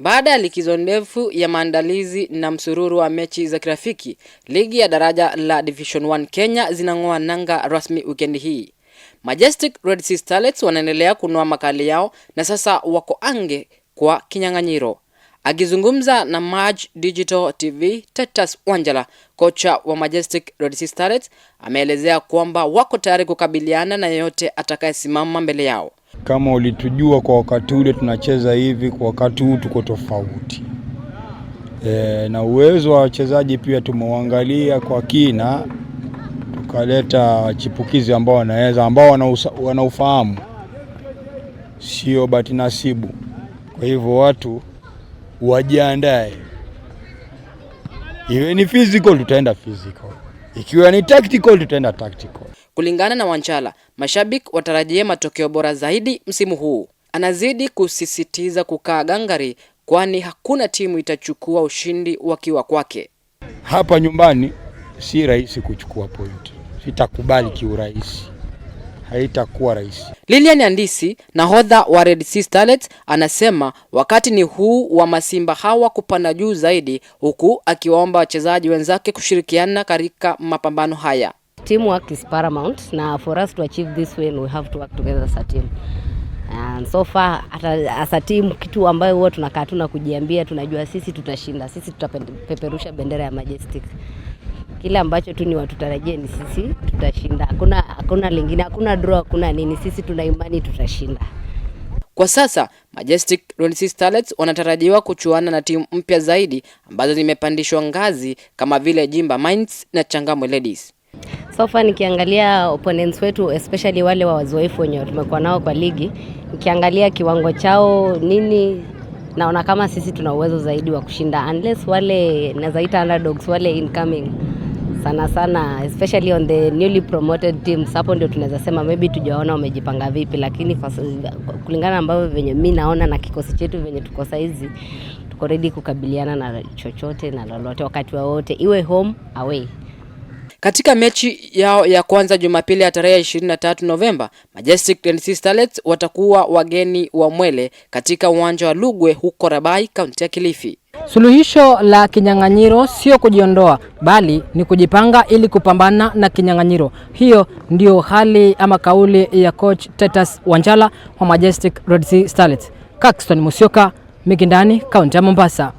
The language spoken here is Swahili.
Baada ya likizo ndefu ya maandalizi na msururu wa mechi za kirafiki, ligi ya daraja la Division 1 Kenya zinang'oa nanga rasmi wikendi hii. Majestic Red Sea Starlets wanaendelea kunoa makali yao na sasa wako ange kwa kinyang'anyiro. Akizungumza na Maj Digital TV, Tetas Wanjala, kocha wa Majestic Red Sea Starlets, ameelezea kwamba wako tayari kukabiliana na yeyote atakayesimama mbele yao. Kama ulitujua kwa wakati ule tunacheza hivi, kwa wakati huu tuko tofauti e, na uwezo wa wachezaji pia tumeuangalia kwa kina, tukaleta chipukizi ambao wanaweza ambao wanaufahamu, sio bahati nasibu. Kwa hivyo watu wajiandae, iwe ni physical, tutaenda physical, ikiwa ni tactical, tutaenda tactical. Kulingana na Wanchala, mashabiki watarajie matokeo bora zaidi msimu huu. Anazidi kusisitiza kukaa gangari, kwani hakuna timu itachukua ushindi wakiwa kwake. Hapa nyumbani si rahisi kuchukua point, sitakubali kiurahisi, haitakuwa rahisi. Lilian Andisi, nahodha wa Red Sea Starlets, anasema wakati ni huu wa masimba hawa kupanda juu zaidi, huku akiwaomba wachezaji wenzake kushirikiana katika mapambano haya. Teamwork is paramount na for us to achieve this win we have to work together as a team. And so far as a team, kitu ambayo huwa tunakaa tuna kujiambia, tunajua sisi tutashinda, sisi tutapeperusha bendera ya Majestic. Kile ambacho tu ni watutarajie ni sisi tutashinda, hakuna hakuna lingine, hakuna draw, hakuna nini, sisi tuna imani tutashinda. Kwa sasa Majestic Royal Starlets wanatarajiwa kuchuana na timu mpya zaidi ambazo zimepandishwa ngazi kama vile Jimba Mines na Changamwe Ladies sofa nikiangalia opponents wetu especially wale wa wazoefu wenye tumekuwa nao kwa ligi, nikiangalia kiwango chao nini, naona kama sisi tuna uwezo zaidi wa kushinda, unless wale nazaita underdogs wale incoming sana sana, especially on the newly promoted teams. Hapo ndio tunaweza sema maybe tujaona wamejipanga vipi, lakini kwa kulingana ambavyo venye mi naona na kikosi chetu venye tuko saizi, tuko ready kukabiliana na chochote na lolote wakati wowote, iwe home away. Katika mechi yao ya kwanza Jumapili ya tarehe 23 Novemba, Majestic 26 Starlets watakuwa wageni wa Mwele katika uwanja wa Lugwe huko Rabai, kaunti ya Kilifi. Suluhisho la kinyang'anyiro sio kujiondoa bali ni kujipanga ili kupambana na kinyang'anyiro. Hiyo ndiyo hali ama kauli ya coach Tetas Wanjala wa Majestic Red Sea Starlets. Kaxton Musyoka, Mikindani, kaunti ya Mombasa.